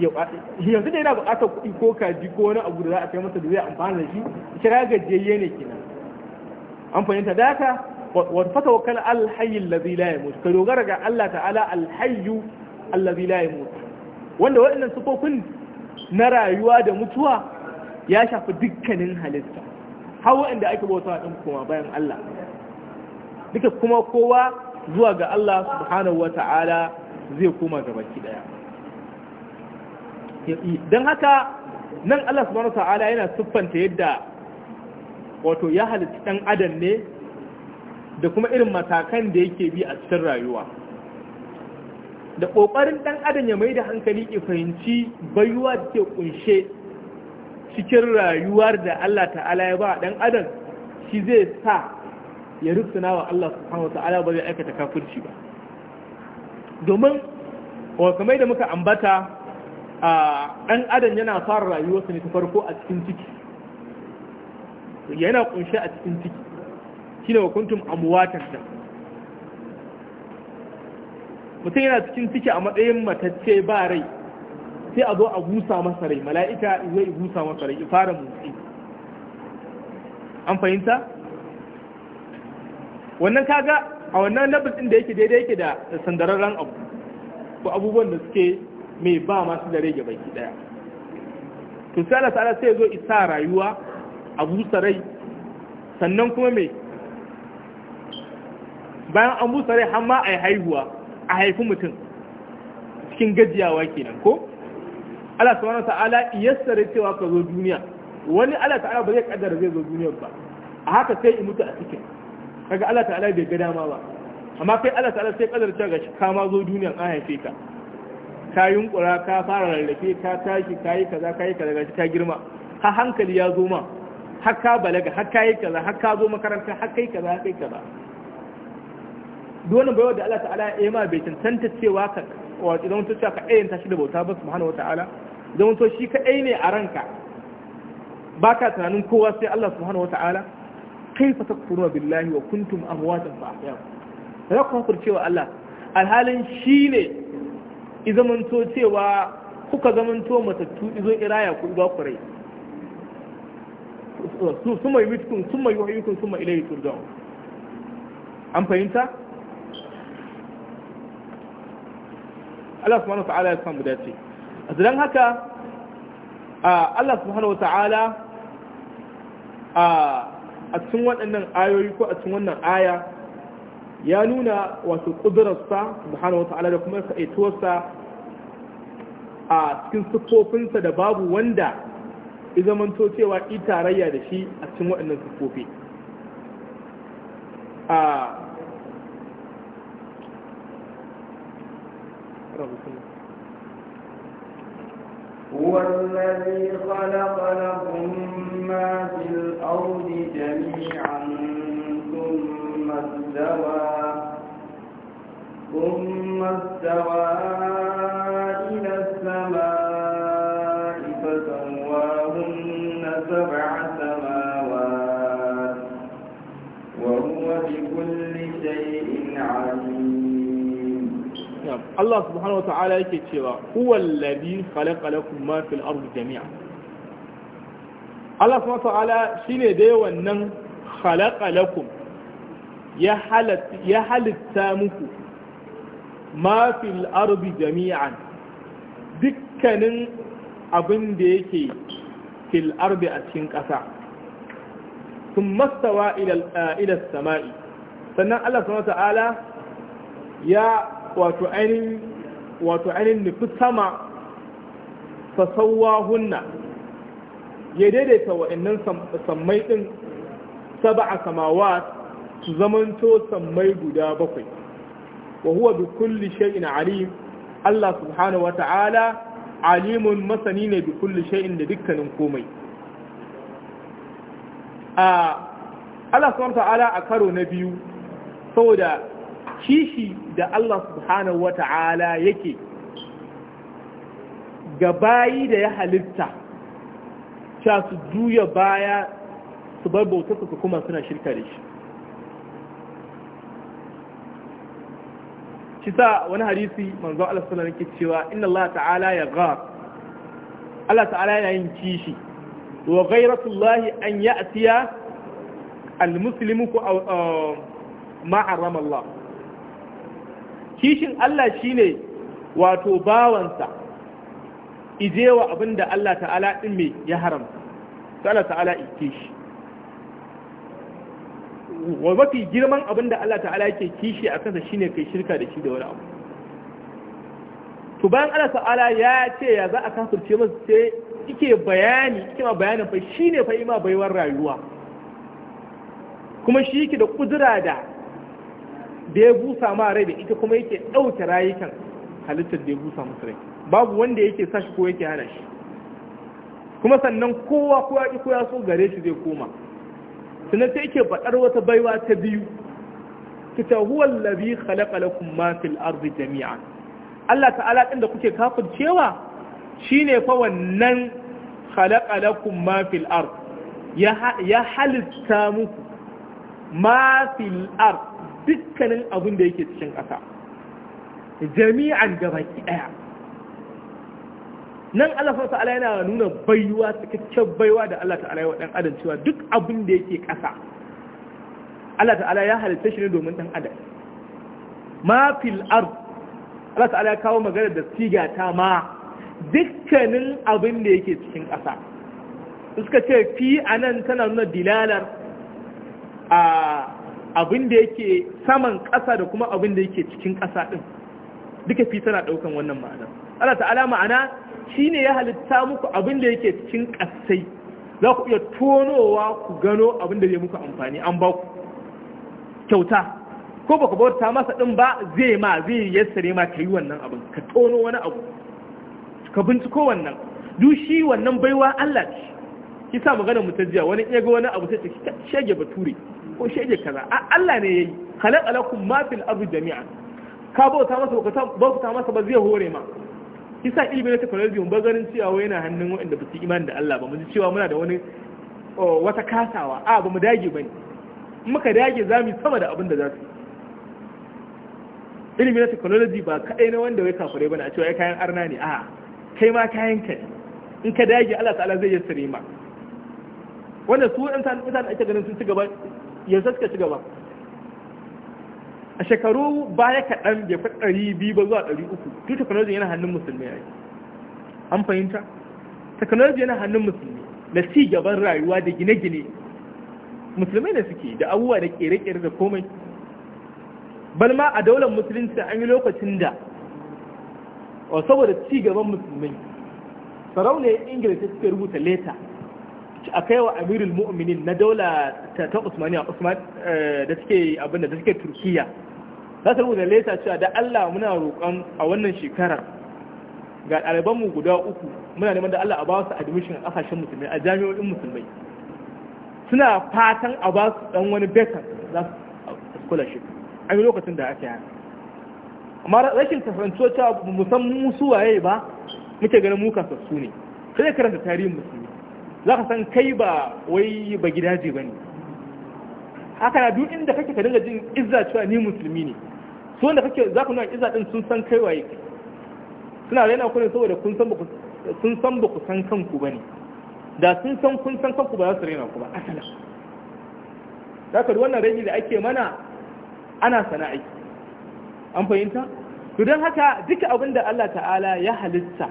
yanzu da yana bukatar kuɗi ko kaji ko wani abu da za a kai masa da zai amfana da shi shi ga gajiyayye ne kenan an fahimta da haka wa tawakkal alhayy allazi la yamut ka dogara ga Allah ta'ala alhayy allazi la yamut wanda waɗannan sufofin na rayuwa da mutuwa ya shafi dukkanin halitta har waɗanda ake bauta ɗin kuma bayan Allah duka kuma kowa zuwa ga Allah subhanahu wa ta'ala zai koma ga baki daya don haka nan Allah subhanahu wa ta'ala yana siffanta yadda wato ya halitta ɗan adam ne da kuma irin matakan da yake bi a cikin rayuwa da ƙoƙarin ɗan adam ya mai da hankali ya fahimci bayuwa da ke ƙunshe cikin rayuwar da Allah ta'ala ya ba ɗan adam shi zai sa ya rufsuna wa Allah subhanahu wata'ala ba zai aikata kafirci ba domin wa kamar da muka ambata a ɗan adam yana fara rayuwarsa ne ta farko a cikin ciki yana kunshe a cikin ciki shine wa kuntum amwatan ta mutum yana cikin ciki a matsayin matacce ba rai sai a zo a busa masa rai mala'ika zai busa masa rai fara motsi an fahimta wannan kaga a wannan level din da yake daidai yake da sandararren abu ko abubuwan da suke mai ba masu da rage baki daya to sai Allah ta'ala sai zo isa rayuwa a busa rai sannan kuma mai bayan an busa rai har ma a yi haihuwa a haifi mutum cikin gajiyawa kenan ko Allah subhanahu ta'ala yassare cewa ka zo duniya wani Allah ta'ala ba zai kaddara zai zo duniya ba a haka sai in mutu a cikin kaga Allah ta'ala bai ga dama ba amma kai Allah ta'ala sai kadar ta ga ka ma zo duniyan an haife ka ka yunkura ka fara rarrafe ka tashi ka yi kaza ka yi kaza gashi ka girma ha hankali ya zo ma har ka balaga har ka yi kaza har ka zo makaranta har kai kaza har kai kaza dole bai da Allah ta'ala ya ma bai tantance cewa ka wato zama to ka ayyanta shi da bauta ba subhanahu wata'ala zama to shi ka ne a ranka baka tunanin kowa sai Allah subhanahu wata'ala كيف تكفرون بالله وكنتم أمواتا فأحياكم لكم cewa Allah alhalin shi ne izamanto cewa kuka zamanto matattu izo iraya ku ba ku rai su mai mitkun su mai wahayukun su mai ilayi turjan an fahimta? Allah subhanahu wa ta'ala ya san dace a zidan haka Allah subhanahu wa ta'ala a cikin waɗannan ayoyi ko a cikin wannan aya ya nuna wato ƙudurarsa subhanahu wa ta'ala da kuma sa'aituwarsa a cikin siffofinsa da babu wanda to cewa tarayya da shi a cikin waɗannan siffofi a rabu هو الذي خلق لكم ما في الأرض جميعا ثم استوى ثم استوى Allah subhanahu wata'ala yake cewa huwal ladhi khalaqa lakum ma fil ardi jami'a Allah subhanahu wata'ala shine dai wannan khalaqa lakum ya halatta ya halitta muku ma fil ardi jami'an dukkanin abin da yake fil ardi a cikin ƙasa sun mastawa ila sama'i sannan Allah subhanahu ta'ala ya wato ainihin wato ainihin nufi sama hunna ya daidaita wa'annan sammai ɗin a samawa su zamanto sammai guda bakwai wa huwa bi kulli shay'in alim Allah subhanahu wa ta'ala alimun masani ne bi kulli shay'in da dukkanin komai a Allah subhanahu wa ta'ala a karo na biyu saboda kishi da Allah subhanahu wa ta'ala yake ga bayi da ya halitta cewa su juya baya su bar bautar su kuma suna shirka da shi shi sa wani hadisi manzo Allah sallallahu alaihi wasallam cewa inna Allah ta'ala ya ghar Allah ta'ala yana yin kishi wa ghayratullahi an ya'tiya al-muslimu ma a Allah kishin Allah shi ne wato bawansa ijewa abin da Allah ta'ala ɗin mai ya haramta sai Allah ta'ala ike shi wa mafi girman abin da Allah ta'ala ke kishi a shi ne kai shirka da shi da wani abu to bayan Allah ta'ala ya ce ya za a kafirce masu sai ike bayani ike ma bayanin fa shi ne ima baiwar rayuwa kuma shi yake da kudura da da ya busa ma rai da ita kuma yake ɗauke rayukan halittar da ya busa musu rai babu wanda yake sashi ko yake hana shi kuma sannan kowa ko ya ko so gare shi zai koma sannan sai yake baɗar wata baiwa ta biyu kita huwa labi khalaqa kun ma fil ardi jami'an Allah ta'ala ɗin da kuke shi shine fa wannan khalaqa ma fil arzi ya halitta muku ma fil dukkanin abin da yake cikin ƙasa jami'an gabaki ɗaya nan Allah ta'ala ala yana nuna baiwa cikakken baiwa da Allah ta'ala yi wa ɗan adam cewa duk abin da yake ƙasa Allah ta'ala ya halitta shi ne domin ɗan adam ma fil ard Allah ta'ala ya kawo magana da siga ta ma dukkanin abin da yake cikin ƙasa suka ce fi anan tana nuna dilalar a abin da yake saman ƙasa da kuma abin da yake cikin ƙasa ɗin duka fi tana ɗaukan wannan ma'ana Allah ta'ala ma'ana shine ya halitta muku abin da yake cikin ƙasai za ku iya tonowa ku gano abin da zai muku amfani an ba ku kyauta ko baka bauta masa ɗin ba zai ma zai yassare ma ka yi wannan abin ka tono wani abu ka binciko wannan duk shi wannan baiwa Allah ce kisa sa magana mutajiya ta jiya wani iya ga wani abu sai ta shege bature ko shege kaza a Allah ne yayi khalaqa lakum ma fil ardi jami'an ka bauta masa ka bauta masa ba zai hore ma isa ilimi na technology mun bazarin cewa yana hannun waɗanda ba su imani da Allah ba mu ji cewa muna da wani wata kasawa a ba mu dage bane muka dage za mu sama da abin da za su ilimi na technology ba kaɗai na wanda wai kafirai bane a cewa ya kayan arna ne a kai ma kayan ka in ka dage Allah ta'ala zai yassare ma wanda su waɗansu mutane ake ganin sun ci gaba yanzu suka ci gaba a shekaru baya kaɗan bai fi ɗari biyu ba zuwa ɗari uku duk technology yana hannun musulmi yi an fahimta technology yana hannun musulmi na ci gaban rayuwa da gine-gine musulmai da suke da abubuwa da ƙere-ƙere da komai bal ma a daular musulunci an yi lokacin da oh, saboda ci gaban musulmai sarauniyar ingila ta suka rubuta leta a kai wa amirul mu'minin na daula ta usmaniya usman eh, da suke abin da suke turkiya za su rubuta leta cewa da allah muna roƙon a wannan shekarar ga ɗalibanmu guda uku muna neman da allah a ba su admission a ƙasashen musulmai a jami'o'in musulmai suna fatan a ba su ɗan wani bekan za su scholarship a yi lokacin da ake yi. amma rashin tafarantuwa cewa musamman musu waye ba muke ganin muka sassu ne sai karanta tarihin musulmi za ka san kai ba wai ba gidaje ba ne haka na duk inda kake ka dinga jin izza cewa ni musulmi ne su wanda kake za ku nuna izza din sun san kai waye suna raina ku ne saboda sun san ba sun san baku san kanku ba ne da sun san kun san kanku ba za su raina ku ba asala za ka wannan raini da ake mana ana sana'a an fahimta to don haka duka abin da Allah ta'ala ya halitta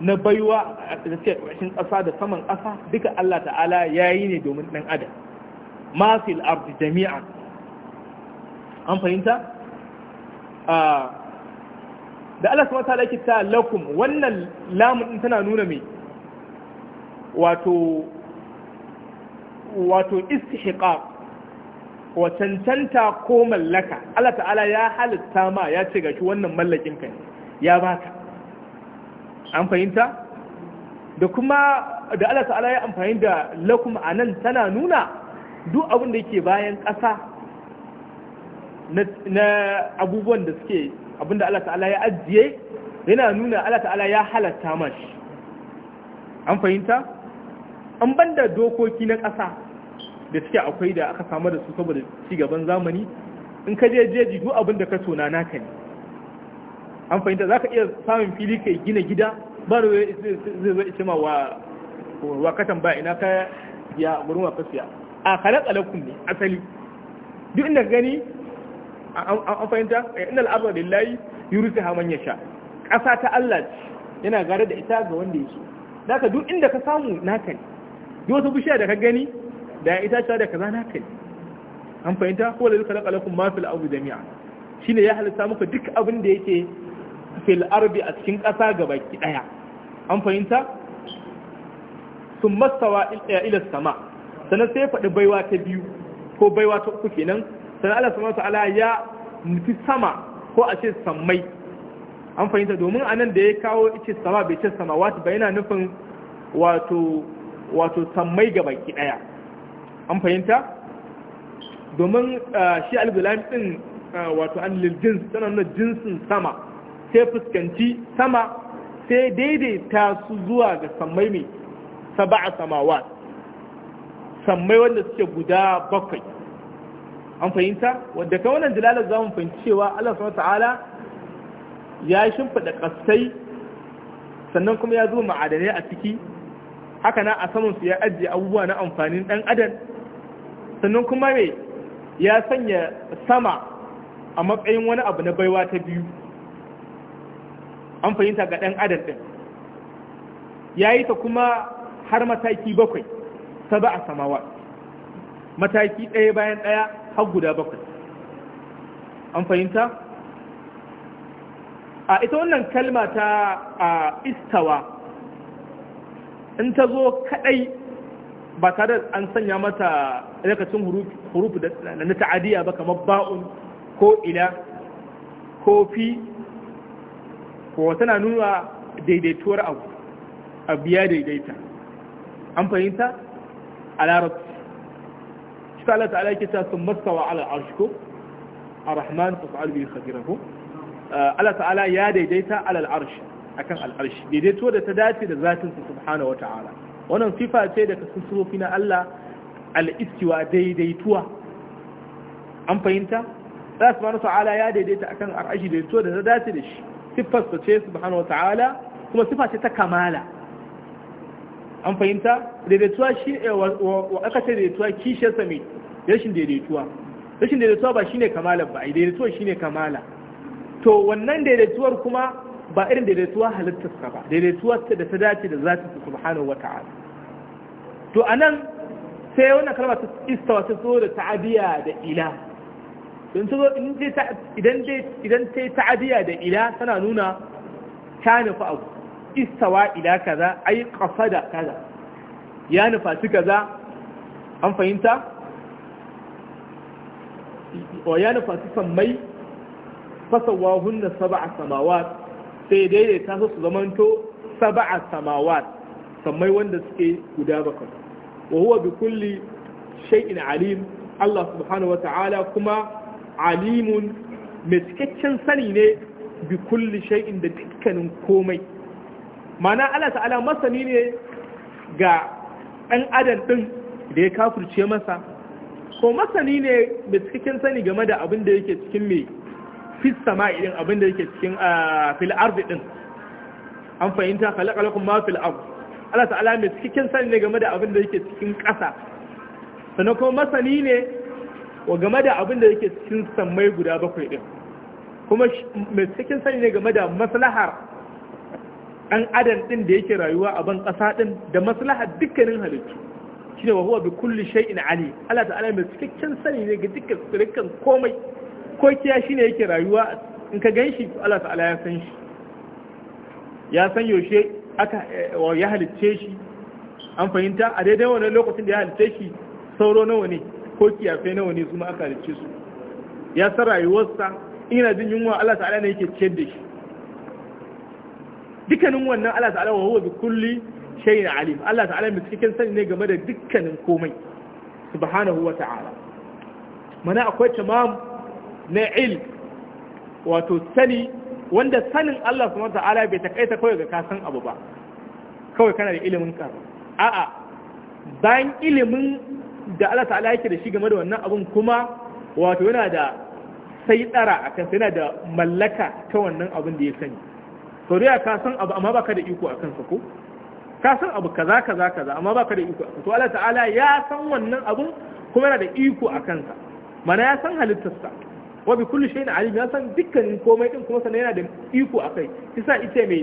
na baiwa a suke ƙarshen ƙasa da saman ƙasa duka Allah ta'ala ya yi ne domin ɗan adam ma abu jami'a, an fahimta da Allah subhanahu ta'ala yake ta lakum wannan lamun tana nuna mai. wato wato shiƙa, wa cancanta ko mallaka Allah ta'ala ya halitta ma ya ce ga shi wannan mallakin ka ya baka an fahimta da kuma da Allah ta'ala ya amfani da lakum anan tana nuna duk abin da yake bayan ƙasa na abubuwan da suke abin da Allah ta'ala ya ajiye yana nuna Allah ta'ala ya halatta mashi an fahimta an banda dokoki na ƙasa da suke akwai da aka samu da su saboda cigaban zamani in ka je jeji duk abin da ka tona naka ne an fahimta za ka iya samun fili kai gina gida ba da zai zai ce ma wa katan ba ina ka ya gurin wa kasiya a khalaqa lakum ne asali duk inda gani an fahimta inda eh, da innal arda lillahi yurisiha ya sha ƙasa ta Allah ce yana gare da ita ga wanda ya za ka duk inda ka samu naka ne duk wata bishiya da ka gani da ita ce da kaza naka ne an fahimta ko da khalaqa lakum ma da miya jami'a shine ya halitta muka duk abin da yake fil arbi a cikin ƙasa gaba ki ɗaya an fahimta sun mastawa eh, ila sama sannan sai faɗi baiwa ta biyu ko baiwa ta uku kenan sannan Allah ta ta'ala ya nufi sama ko a ce samai, an fahimta domin a nan da ya kawo ice sama bai ce sama wato bai yana nufin wato wato sammai gaba ki ɗaya an fahimta domin eh, shi al-gulam din eh, wato an jins tana nuna jinsin sama sai fuskanci sama sai daidaita su zuwa ga samai mai a samawa sammai wanda suke guda bakwai an fahimta wadda kan wannan jilalar za mu fahimci cewa Allah subhanahu ta'ala ya shimfiɗa ƙasai sannan kuma ya zuba ma'adanai a ciki haka na a saman su ya ajiye abubuwa na amfanin ɗan adam sannan kuma mai ya sanya sama a matsayin wani abu na baiwa ta biyu an fahimta ga ɗan adam ɗin ya yi ta kuma har mataki bakwai ta ba a samawa mataki ɗaya bayan ɗaya har guda bakwai an fahimta a ita wannan kalma ta a istawa in ta zo kaɗai ba tare an sanya mata lokacin hurufu na ta'adiyya ba kamar ba'un ko ila ko fi ko tana nuna daidaituwar abu abu ya daidaita an fahimta a larabci shi ta Allah alaƙi ta sun matsawa ala arshiko a rahman su fa'al biyu khadirahu ah, ta ala ya daidaita ala al'arshi akan al'arshi daidaituwar da ta dace da zafin su subhanahu wa ta'ala wannan sifa ce daga sun na Allah al'istiwa daidaituwa an fahimta za su manu ta'ala ya daidaita akan al'arshi daidaituwar da ta dace da shi siffarsa ce subhanahu wata'ala kuma siffa ce ta kamala an fahimta daidaituwa shi eh, wa aka ce daidaituwa kishiyarsa mai rashin daidaituwa rashin daidaituwa ba shine kamala ba ai daidaituwa shine kamala to wannan daidaituwar kuma ba irin daidaituwa halittarsa ba daidaituwa da ta dace da zati subhanahu wata'ala to anan sai wannan kalmar ta istawa ta so da ta'adiya da ila don ta zo idan ta yi ta'adiyya da ila tana nuna ta nufi abu istawa ila kaza ai kafa da kaza ya nufaci kaza an fahimta Wa ya nufaci sammai fasawa hunna saba'a samawat sai daidaita su su zamanto saba'a samawat sammai wanda suke guda bakwai wa huwa bi kulli shay'in alim Allah subhanahu wa ta'ala kuma alimun mai cikakken sani ne bi kulli shay'in da dukkanin komai mana Allah ta'ala masani ne ga ɗan adam ɗin da ya kafurce masa ko masani ne mai cikakken sani game da abin da yake cikin mai fis sama'i din abin da yake cikin ah, fil ardi din an fahimta khalaqalakum ma fil ard Allah ta'ala mai cikakken sani ne game da abin da yake cikin ƙasa sannan kuma masani ne wa game da abin da yake cikin sammai guda bakwai din kuma mai cikin sani ne game da maslahar ɗan adam ɗin da yake rayuwa a ban ƙasa ɗin da maslahar dukkanin halittu shi ne wa huwa bi kulli shay'in ali Allah ta'ala mai cikakken sani ne ga dukkan dukkan komai ko kiya shine yake rayuwa in ka ganshi Allah ta'ala ya san shi ya san yaushe aka eh, ya halitte shi an fahimta a daidai wannan lokacin da ya halitte shi sauro nawa ne ko kiyafe nawa ne kuma aka rice su ya san rayuwarsa ina jin yunwa Allah ta'ala ne yake ciyar da shi dukkanin wannan Allah ta'ala wa huwa bi kulli shay'in alim Allah ta'ala mai cikakken sani ne game da dukkanin komai subhanahu wa ta'ala mana akwai tamam na ilm wato sani wanda sanin Allah subhanahu wa ta'ala bai takaita kawai ga kasan abu ba kawai kana da ilimin ka a'a bayan ilimin da Allah ta'ala yake da shi game da wannan abun kuma wato yana da sai tsara a kansa yana da mallaka ta wannan abun da ya sani to da ka san abu amma baka da iko a kansa ko ka san abu kaza kaza kaza amma baka da iko to Allah ta'ala ya san wannan abun kuma yana da iko a kansa mana ya san halittarsa wa bi kulli shay'in alim ya san dukkanin komai din kuma sanan yana da iko akai kisa ita mai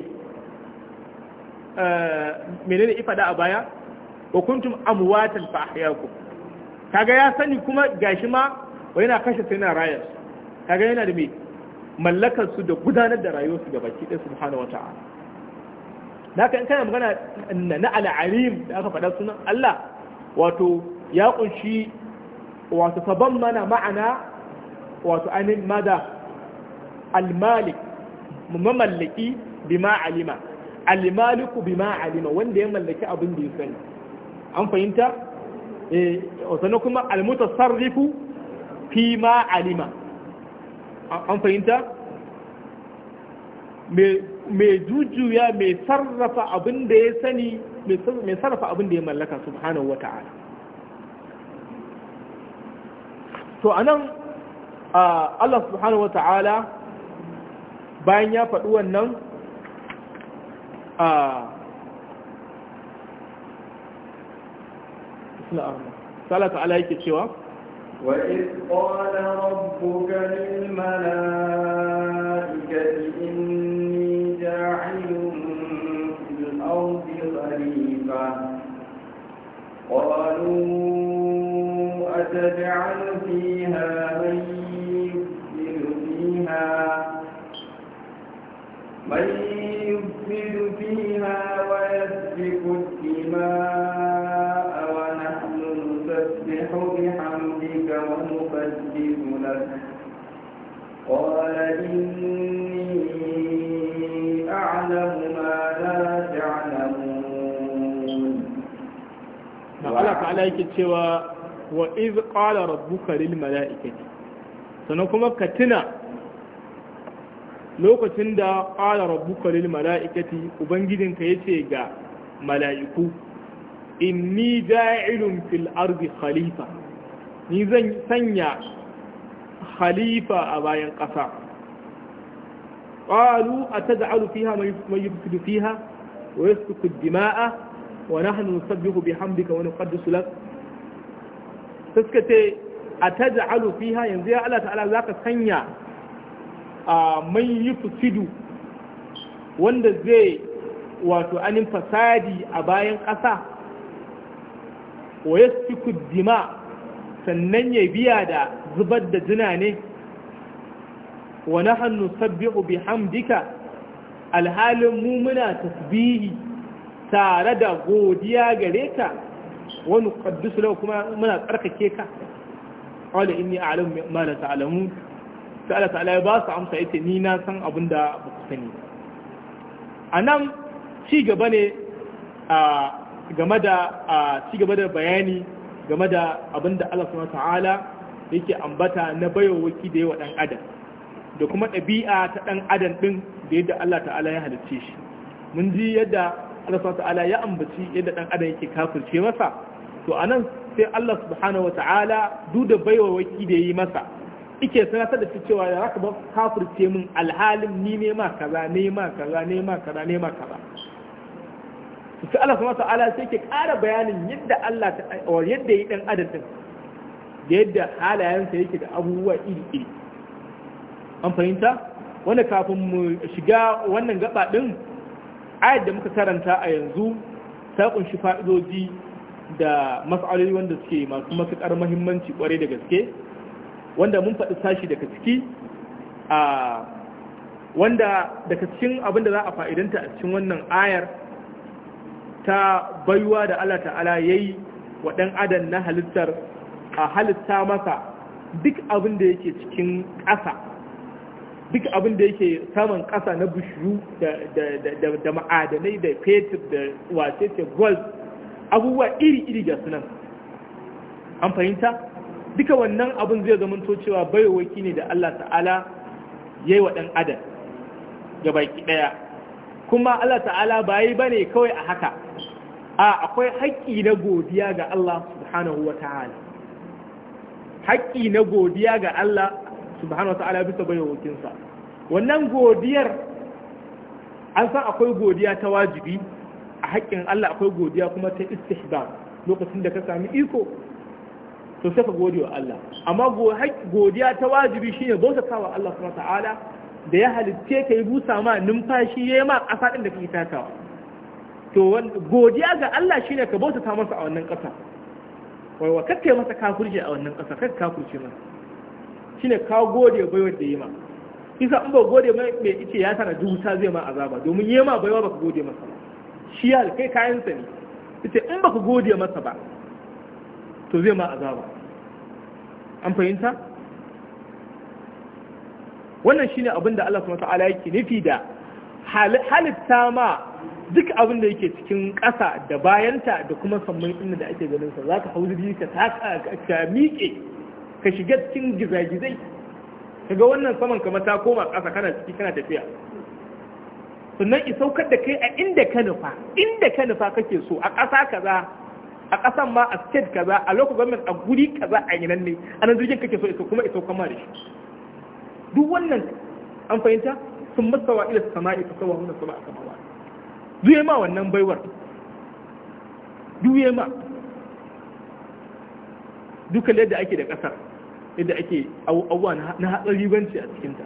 eh, menene ifada a baya wa kuntum amwatan fa ahyaakum kaga ya sani kuma gashi ma wa yana kashe sai na rayar kaga yana da mai mallakar su da gudanar da rayuwar su gabaki ɗaya subhanahu wata'ala da haka in kana magana na al'alim da aka faɗa sunan Allah wato ya kunshi wato saban mana ma'ana wato anin mada al-malik mamallaki bima alima al-maliku bima alima wanda ya mallaki abin da ya sani an fahimta eh sannan kuma almutasarrifu fi ma alima an fahimta mai jujuya mai sarrafa abin da ya sani mai sarrafa abin da ya mallaka subhanahu wata'ala to anan Allah subhanahu wata'ala bayan ya faɗi wannan a na'am Allah ta'ala yake cewa wa id qala rabbuka lil malaikati inni ja'ilun fil ardi khalifa qalu fiha man yufsidu fiha man yufsidu fiha قال Allah ta'ala yake cewa wa iz qala rabbuka lil mala'ikati sannan kuma ka lokacin da qala rabbuka lil mala'ikati ubangijin ka yace ga mala'iku inni ja'ilun fil ardi khalifa ni zan sanya khalifa a bayan ƙasa ƙwaru a ta da'alu fiha mai fi fiha wa ku dima'a wa nahnu nusabbihu bihamdika wa nuqaddisu lak saskate a ta da'alu fiha yanzu ya Allah ta'ala za ka sanya a mai yubtudu wanda zai wato anin fasadi a bayan ƙasa wa ku dima sannan ya biya da zubar da jina ne wa nahnu nusabbihu hamdika alhalin mu muna tasbihi tare da godiya gare ka wani nuqaddisu lahu kuma muna tsarkake ka wadda inni a'lamu ma la ta'alamu ta ala ta'ala ya ba su amsa ita ni na san da ba ku sani nan ci gaba ne a game da ci gaba da bayani game da abin Allah subhanahu wa ta'ala yake ambata na bayawaki da yawa ɗan adam da kuma ɗabi'a ta ɗan adam ɗin da yadda Allah ta'ala ya halicce shi mun ji yadda Allah ta'ala ya ambaci yadda ɗan adam yake kafirce masa to a nan sai Allah subhanahu wa ta'ala duk da bayawaki da yi masa ike sanatar da cewa ya raka ba kafirce min alhalin ni ne ma kaza ne ma kaza ne ma kaza ne ma kaza sai Allah subhanahu wa ta'ala sai ke ƙara bayanin yadda Allah yadda yi dan adam ɗin. da yadda halayensa yake da abubuwa iri-iri an fahimta wanda kafin mu shiga wannan gaba ɗin ayat da muka karanta a yanzu ta kunshi fa'idodi da mas'aloli wanda suke masu matuƙar mahimmanci ƙwarai da gaske wanda mun faɗi sashi daga ciki a wanda daga cikin abin da za a fa'idanta a cikin wannan ayar ta baiwa da Allah ta'ala ya yi wa ɗan adam na halittar a halitta masa duk abin da yake cikin ƙasa duk abin da yake saman ƙasa na bishiyu da ma'adanai da fetur da wasete gold abubuwa iri-iri ga sunan an fahimta duka wannan abin zai zamanto cewa bayowaki ne da Allah ta'ala ya yi wa ɗan adam ga baki ɗaya kuma Allah ta'ala ba yi ba ne kawai a haka a akwai haƙƙi na godiya ga Allah subhanahu wa ta'ala haƙƙi na godiya ga Allah subhanahu wata'ala bisa bayyawakinsa wannan godiyar an san akwai godiya ta wajibi a haƙƙin Allah akwai godiya kuma ta istihba lokacin da ka sami iko to sai ka gode wa Allah amma godiya ta wajibi shine kawa Allah subhanahu wata'ala da ya halitte ka yi busa ma numfashi ya yi ma ƙasa ɗin da kake takawa to godiya ga Allah shine ka ta masa a wannan ƙasa wai wa kakkai masa kafirci a wannan ƙasa kakka kafirce masa shine ka gode bai da yi ma isa in ba gode mai mai ice ya sana duta zai ma azaba domin yi ma baiwa baka gode masa shi ya kai kayan sa ne ita in baka gode masa ba to zai ma azaba an fahimta wannan shine abin da Allah subhanahu ta'ala yake nufi da halitta ma duk abin da yake cikin ƙasa da bayanta da kuma samman inda da ake ganin sa ka hau jirgi ka taka ka miƙe ka shiga cikin gizagizai kaga wannan saman kamar ta koma ƙasa kana ciki kana tafiya sannan i saukar da kai a inda ka nufa inda ka nufa kake so a ƙasa kaza a ƙasan ma a state kaza a local government a guri kaza a yinan ne a nan jirgin kake so iso kuma saukar kama da shi duk wannan an fahimta sun masawa ila sama'i fa sawa hunna sama'a kama duye ma wannan baiwar duye ma duka yadda ake da kasar yadda ake abubuwa na hatsari banci a cikinta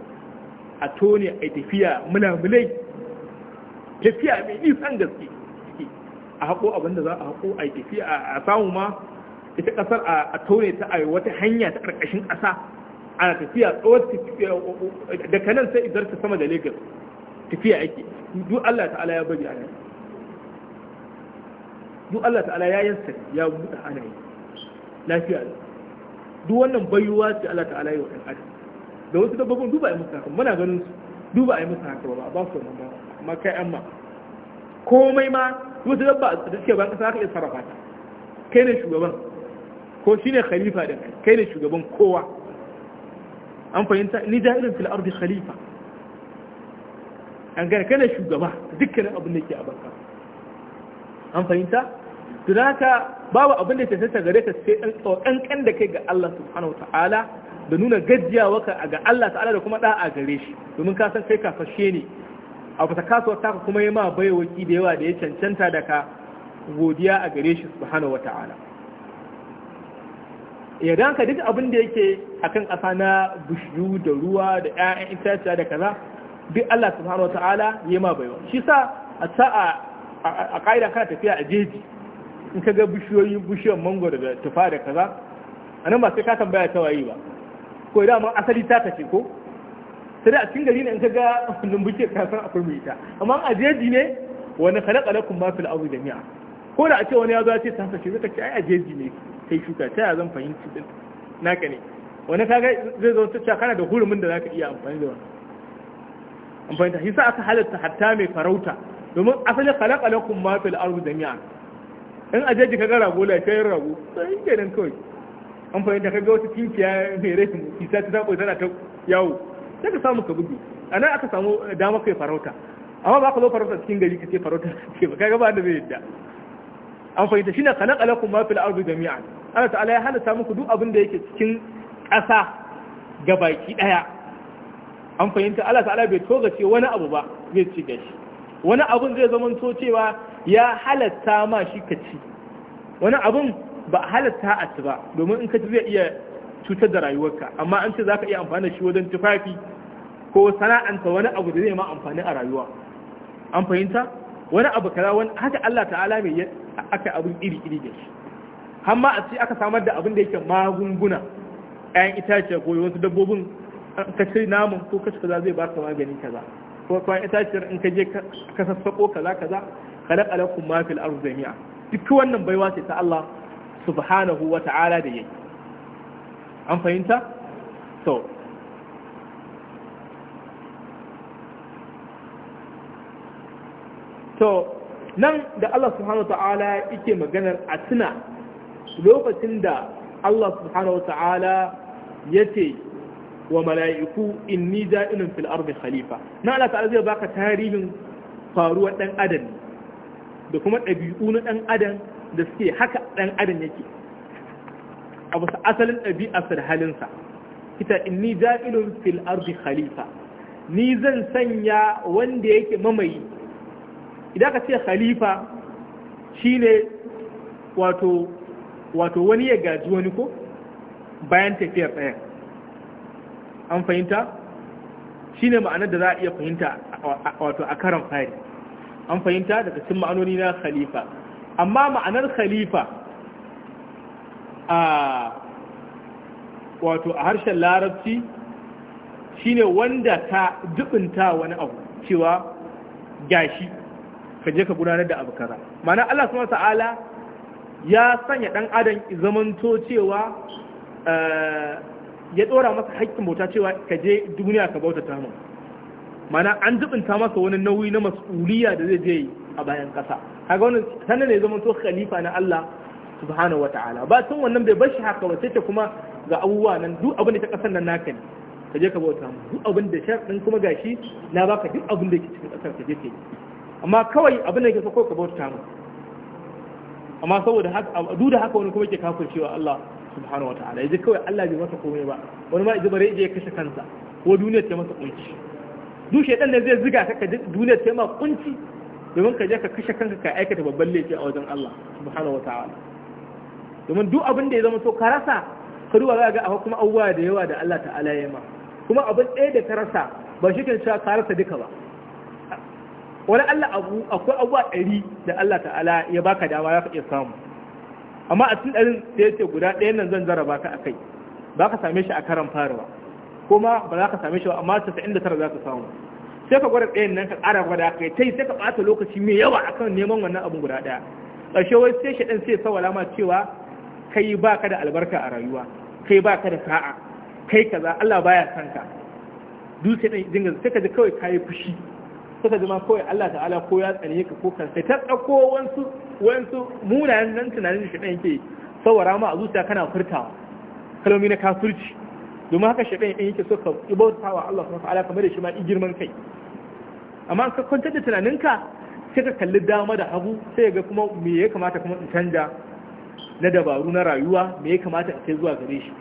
a tone a tafiya mulamulai tafiya mai nisan gaske a haƙo abinda za a haƙo a tafiya a samu ma ita ƙasar a tone ta a wata hanya ta ƙarƙashin ƙasa ana tafiya tsawon daga nan sai idarta sama da legas tafiya ake duk Allah ta'ala ya bari ana duk Allah ta'ala ya yansa ya buɗe ana yi lafiya duk wannan bayuwa ce Allah ta'ala ya wadan adam da wasu dabbobin duba ai musu haka muna ganin su duba ai musu haka ba ba su wannan ba amma kai amma komai ma wasu dabba da suke ba kasa haka ya sarrafa ta kai ne shugaban ko shine khalifa din kai ne shugaban kowa an fahimta ni da irin fil ardi khalifa an gane kana shugaba dukkanin abin da ke a banka an fahimta to da haka babu abin da ke sassa gare ka sai dan tsokankan da kai ga Allah subhanahu ta'ala da nuna gajiyawa ka ga Allah ta'ala da kuma a gare shi domin ka san kai kafashe ne a fata kasuwar taka kuma ya ma ki da yawa da ya cancanta da ka godiya a gare shi subhanahu wata'ala idan ka duk abin da yake akan ƙasa na bishiyu da ruwa da ƴaƴan itaciya da kaza duk Allah subhanahu wataala ya ma baiwa shi sa a sa'a a ƙa'ida kana tafiya a jeji in ka ga bishiyoyi bishiyar mango da tufa da kaza a nan ba sai ka tambaya ta wayi ba ko idan amma asali ta tafi ko sai a cikin gari ne in ka ga wannan bishiyar ka san akwai mai ita amma a jeji ne wani kalaka lakum ma fil ardi jami'a ko da a ce wani ya zo ya ce ta tace zaka ce ai a jeji ne kai shuka ta ya zan fahimci din naka ne wani kaga zai zo ta kana da hurumin da zaka iya amfani da wannan an fahimta shi sa aka halatta hatta mai farauta domin asali kun ma fil da miya in a jeji kaga rago la kai rago to in kenan kawai an fahimta kaga wata kinkiya mai rai isa ta zaɓo tana ta yawo sai ka samu ka bugi nan aka samu dama kai farauta amma ba ka zo farauta cikin gari ce farauta ce ba kaga ba da zai yadda an fahimta shine kun ma fil da miya Allah ta'ala ya halatta muku duk abin da yake cikin ƙasa gabaki daya an fahimta Allah ta'ala bai toga ce wani abu ba zai ci da shi wani abun zai zama to cewa ya halatta ma shi ka ci wani abun ba halatta a ci ba domin in ka ci zai iya cutar da rayuwarka amma an ce zaka iya amfani da shi wajen tufafi ko sana'anta wani abu da zai ma amfani a rayuwa an fahimta wani abu kaza wani haka Allah ta'ala mai aka abun iri iri da shi amma a ce aka samar da abin da yake magunguna 'ya'yan itace ko wasu dabbobin ka ce namun ko kashi kaza zai baka magani kaza ko ita ce in ka je ka sassako kaza kaza kada lakum ma fil ardi jami'a duk wannan baiwa ce ta Allah subhanahu wa ta'ala da yake an fahimta to to nan da Allah subhanahu wa ta'ala yake maganar a tuna lokacin da Allah subhanahu wa ta'ala ya ce wa mala'iku inni ni fil ardi khalifa na Allah ta'ala zai baka tarihin faruwar dan adam da kuma ɗabi'u na dan adam da suke haka dan adam yake a wasu asalin ɗabi'arsa da halinsa kita inni ni fil ardi khalifa ni zan sanya wanda yake mamayi idan ka ce khalifa shine wato wato wani ya gaji wani ko bayan tafiyar ɗayan an fahimta shi ne ma'anar da za a iya fahimta wato a karan fari an fahimta daga cikin ma'anoni na khalifa amma ma'anar khalifa a wato a harshen larabci shi ne wanda ka dubinta wani abu cewa gashi ka je ka gudanar da abu kaza ma'ana Allah subhanahu ta'ala ya sanya dan adam zamanto cewa eh, ya dora masa haƙƙin bauta cewa ka je duniya ka bauta ta mun mana an jibinta masa wani nauyi na mas'uliya da zai je a bayan ƙasa kaga wannan sanan ne zama to khalifa na Allah subhanahu wataala ba tun wannan bai bashi haka ba sai ta kuma ga abubuwa nan duk abin da ta ƙasar nan naka ne ka je ka bauta mun duk abin da din kuma gashi na baka duk abin da ke cikin ƙasar ka je ka yi amma kawai abin da ke so ko ka bauta mun amma saboda haka duk da haka wani kuma ke kafin cewa Allah subhanahu wa ta'ala yaje kawai Allah bai masa komai ba wani ma izuba bare je ya kashe kansa ko duniyar ta masa kunci duk shedan ne zai ziga ka duniyar ta ma kunci domin ka je ka kashe kanka ka aikata babban laifi a wajen Allah subhanahu wa ta'ala domin duk abin da ya zama so ka rasa ka duba za ga akwai kuma abubuwa da yawa da Allah ta'ala ya ma kuma abin ɗaya da ka rasa ba shi kan cewa ka rasa duka ba wani Allah abu akwai abubuwa ɗari da Allah ta'ala ya baka dama ya ka iya samu amma a cikin ɗarin sai ya ce guda ɗayan nan zan baka a kai. ba ka same shi a karan farawa, kuma ba za ka same shi ba amma tasa'in da tara za ka samu sai ka gwada ɗayan nan ka ƙara gwada kai ta yi sai ka ɓata lokaci mai yawa akan neman wannan abin guda ɗaya ƙarshe wai sai ɗan sai sawala ma cewa kai ba ka da albarka a rayuwa kai ba ka da sa'a kai kaza Allah baya san ka sai dinga sai ka ji kawai kayi fushi sai ka ji ma kawai Allah ta'ala ko ya tsane ka ko kan sai ta ɗauko wasu wayansu munayen nan tunanin shi ɗan yake saurara ma a zuciya kana furtawa kalomi na kafirci domin haka shi ɗan yake so ka ibauta wa Allah subhanahu ala kamar da shi ma i girman kai amma ka kwantar da tunaninka sai ka kalli dama da hagu sai ga kuma me ya kamata kuma in canja na dabaru na rayuwa me ya kamata in kai zuwa gare shi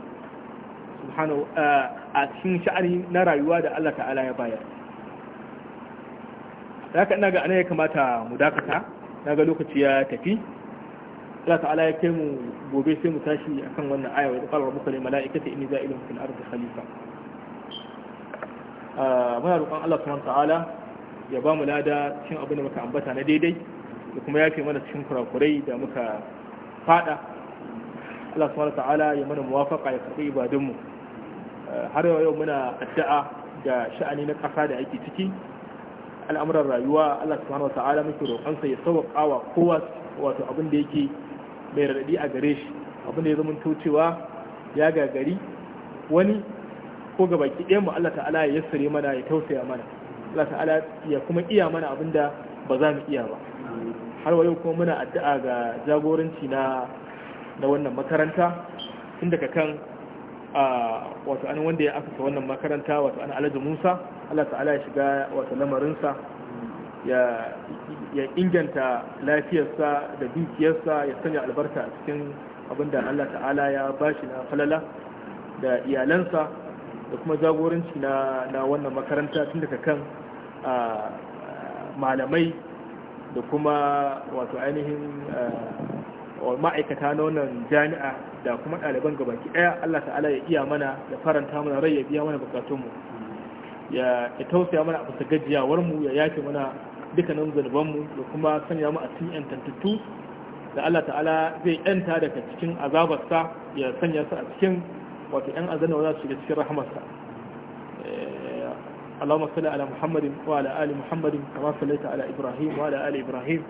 subhanahu eh, a cikin sha'ani na rayuwa da Allah ta'ala ya bayar haka ina ga ana ya kamata mu dakata na ga lokaci ya tafi Allah ta'ala ya kai mu gobe sai mu tashi akan wannan aya wadda qala rabbuka lil mala'ikati inni za'ilun fil ardi khalifa ah, muna roƙon Allah subhanahu ta'ala ya ba mu lada cikin abin da muka ambata na daidai da kuma yafe mana cikin kurakurai da muka fada Allah subhanahu ta'ala ya mana muwafaqa ya karbi ibadun mu ah, har yau muna addu'a da sha'ani na ƙasa da ake ciki al'amuran rayuwa Allah subhanahu wa ta'ala muke roƙon sa ya sauƙa wa kowa wato abin da yake mai radadi a gare shi abin da ya zama cewa ya gagari wani ko ga baki ɗayan mu Allah ta'ala ya yassare mana ya tausaya mana Allah ta'ala ya kuma iya mana abin da ba za mu iya ba har wa yau kuma muna addu'a ga jagoranci na na wannan makaranta tun daga kan wato an wanda ya aka wannan makaranta wato an Alhaji Musa Allah ta'ala ya shiga wata lamarinsa ya inganta lafiyarsa da dukiyarsa ya sanya albarka a cikin abinda Allah ta'ala ya bashi na falala da iyalansa da kuma jagoranci na wannan makaranta tun daga kan malamai da kuma wato ainihin ma'aikata na wannan jami'a da kuma ɗaliban gabaki ɗaya Allah ta'ala ya iya mana ya faranta mana rai ya biya mana bukatunmu ya tausaya mana a bisa gajiyawar mu ya yake mana dukkanin zunuban mu da kuma sanya mu a cikin yantantattu da Allah ta'ala zai yanta daga cikin azabarsa ya sanya su a cikin wato yan azana wa su shiga cikin rahamarsa اللهم صل على محمد وعلى آل محمد كما صليت على إبراهيم وعلى آل إبراهيم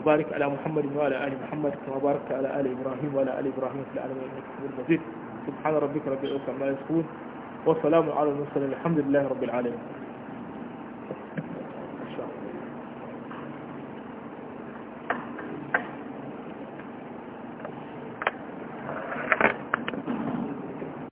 وبارك على محمد وعلى آل محمد كما باركت على آل إبراهيم وعلى آل إبراهيم في العالمين إنك حميد مجيد سبحان ربك رب العزة عما يصفون والسلام على المرسلين الحمد لله رب العالمين